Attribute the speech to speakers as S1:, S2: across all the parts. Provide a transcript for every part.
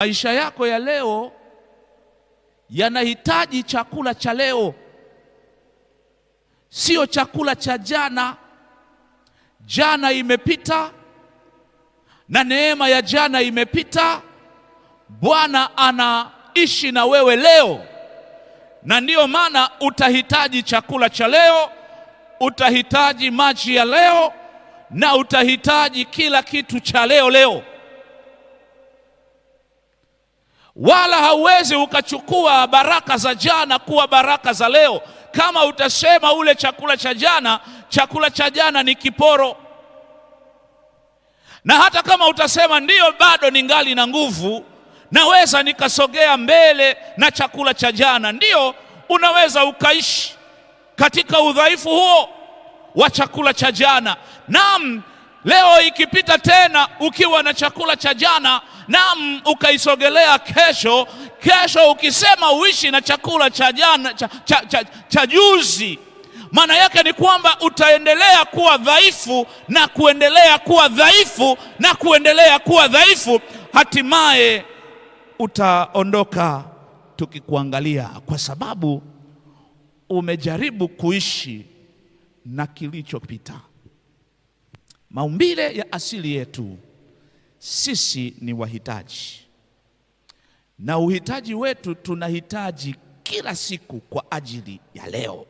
S1: Maisha yako ya leo yanahitaji chakula cha leo, sio chakula cha jana. Jana imepita na neema ya jana imepita. Bwana anaishi na wewe leo, na ndiyo maana utahitaji chakula cha leo, utahitaji maji ya leo, na utahitaji kila kitu cha leo leo. wala hauwezi ukachukua baraka za jana kuwa baraka za leo. Kama utasema ule chakula cha jana, chakula cha jana ni kiporo, na hata kama utasema ndiyo, bado ni ngali na nguvu, naweza nikasogea mbele na chakula cha jana, ndiyo, unaweza ukaishi katika udhaifu huo wa chakula cha jana. Naam. Leo ikipita tena ukiwa na chakula cha jana, naam, ukaisogelea kesho. Kesho ukisema uishi na chakula cha jana cha, cha, cha, cha juzi, maana yake ni kwamba utaendelea kuwa dhaifu na kuendelea kuwa dhaifu na kuendelea kuwa dhaifu, hatimaye utaondoka tukikuangalia, kwa sababu umejaribu kuishi na kilichopita. Maumbile ya asili yetu sisi ni wahitaji, na uhitaji wetu tunahitaji kila siku kwa ajili ya leo.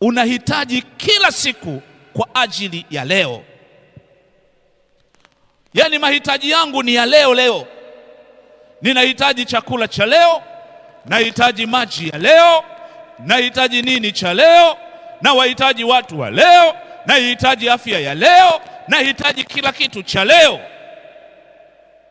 S1: Unahitaji kila siku kwa ajili ya leo. Yaani, mahitaji yangu ni ya leo leo. Ninahitaji chakula cha leo, nahitaji maji ya leo, nahitaji nini cha leo, na wahitaji watu wa leo nahitaji afya ya leo, nahitaji kila kitu cha leo.